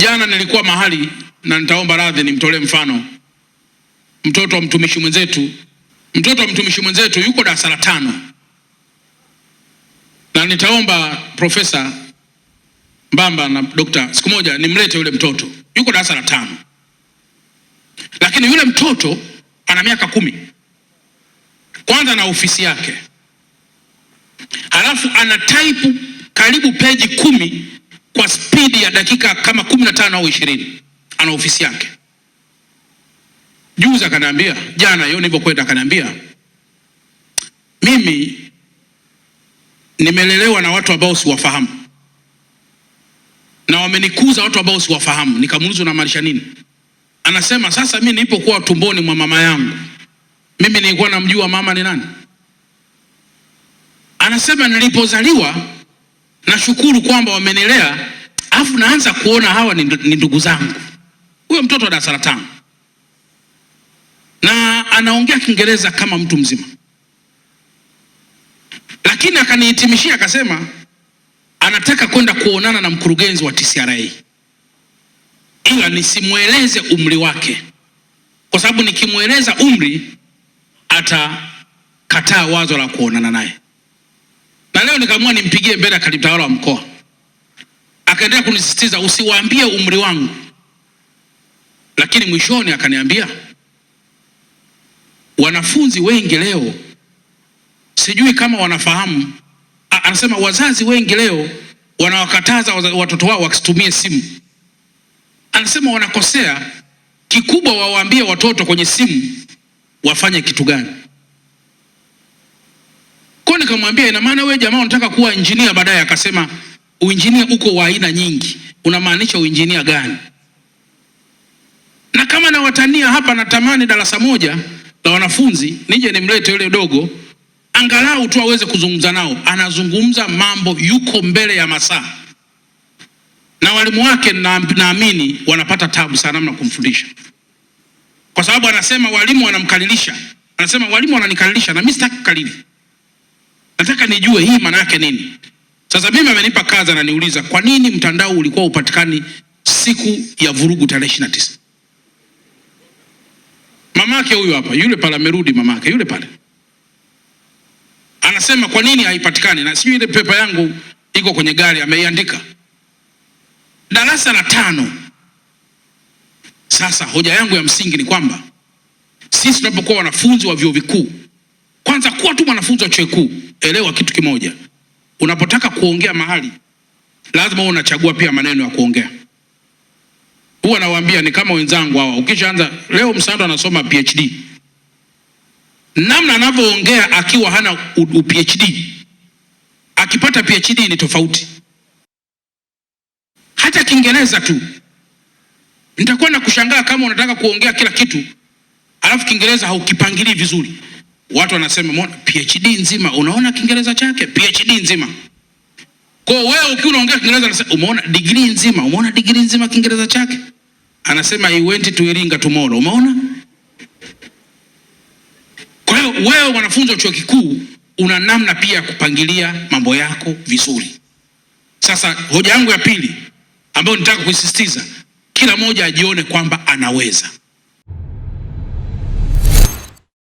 Jana nilikuwa mahali na nitaomba radhi, nimtolee mfano mtoto wa mtumishi mwenzetu. Mtoto wa mtumishi mwenzetu yuko darasa la tano, na nitaomba Profesa Mbamba na Dokta siku moja nimlete yule mtoto, yuko darasa la tano, lakini yule mtoto ana miaka kumi. Kwanza na ofisi yake, halafu ana type karibu peji kumi kwa spidi ya dakika kama 15 au 20, ana ofisi yake. Juzi akaniambia, jana yo nilipokwenda, akaniambia mimi nimelelewa na watu ambao siwafahamu na wamenikuza watu ambao siwafahamu. Nikamuuliza, unamaanisha nini? Anasema, sasa mimi nilipokuwa tumboni mwa mama yangu mimi nilikuwa namjua mama ni nani. Anasema nilipozaliwa nashukuru kwamba wamenelea, afu naanza kuona hawa ni ndugu zangu. Huyo mtoto wa darasa la tano na anaongea Kiingereza kama mtu mzima, lakini akanihitimishia akasema anataka kwenda kuonana na mkurugenzi wa TCRA ila nisimweleze umri wake, kwa sababu nikimweleza umri atakataa wazo la kuonana naye na leo nikaamua nimpigie mbele ya katibu tawala wa mkoa, akaendelea kunisisitiza usiwaambie umri wangu, lakini mwishoni akaniambia wanafunzi wengi leo sijui kama wanafahamu. Anasema wazazi wengi leo wanawakataza watoto wao wasitumie simu. Anasema wanakosea kikubwa, wawaambie watoto kwenye simu wafanye kitu gani nikamwambia ina maana wewe jamaa unataka kuwa injinia baadaye? Akasema uinjinia uko wa aina nyingi, unamaanisha uinjinia gani? Na kama nawatania hapa, natamani darasa moja la wanafunzi nije nimlete yule dogo angalau tu aweze kuzungumza nao. Anazungumza mambo, yuko mbele ya masaa, na walimu wake naamini na wanapata tabu sana namna kumfundisha, kwa sababu anasema walimu wanamkalilisha, anasema walimu wananikalilisha, na mimi sitaki kukalili nataka nijue hii maana yake nini. Sasa mimi amenipa kazi, ananiuliza kwa nini mtandao ulikuwa upatikani siku ya vurugu tarehe 29. Mamake huyu hapa, yule pale amerudi, mamake yule pale anasema kwa nini haipatikani, na sijui ile pepa yangu iko kwenye gari, ameiandika darasa la tano. Sasa hoja yangu ya msingi ni kwamba sisi tunapokuwa wanafunzi wa vyuo vikuu, kwanza kuwa tu mwanafunzi wa chuo kikuu elewa kitu kimoja, unapotaka kuongea mahali lazima uwe unachagua pia maneno ya kuongea. Huwa nawaambia ni kama wenzangu hawa, ukishaanza leo, Msando anasoma PhD, namna anavyoongea akiwa hana PhD, akipata PhD ni tofauti. Hata Kiingereza tu nitakuwa na kushangaa kama unataka kuongea kila kitu alafu Kiingereza haukipangilii vizuri. Watu wanasema mwana, PhD nzima, unaona Kiingereza chake PhD nzima. Kwa hiyo wewe ukiwa unaongea Kiingereza unasema umeona degree nzima, umeona degree nzima Kiingereza chake. Anasema I went to Iringa tomorrow. Umeona? Kwa hiyo wewe mwanafunzi wa chuo kikuu una namna pia ya kupangilia mambo yako vizuri. Sasa hoja yangu ya pili ambayo nitaka kuisisitiza, kila mmoja ajione kwamba anaweza.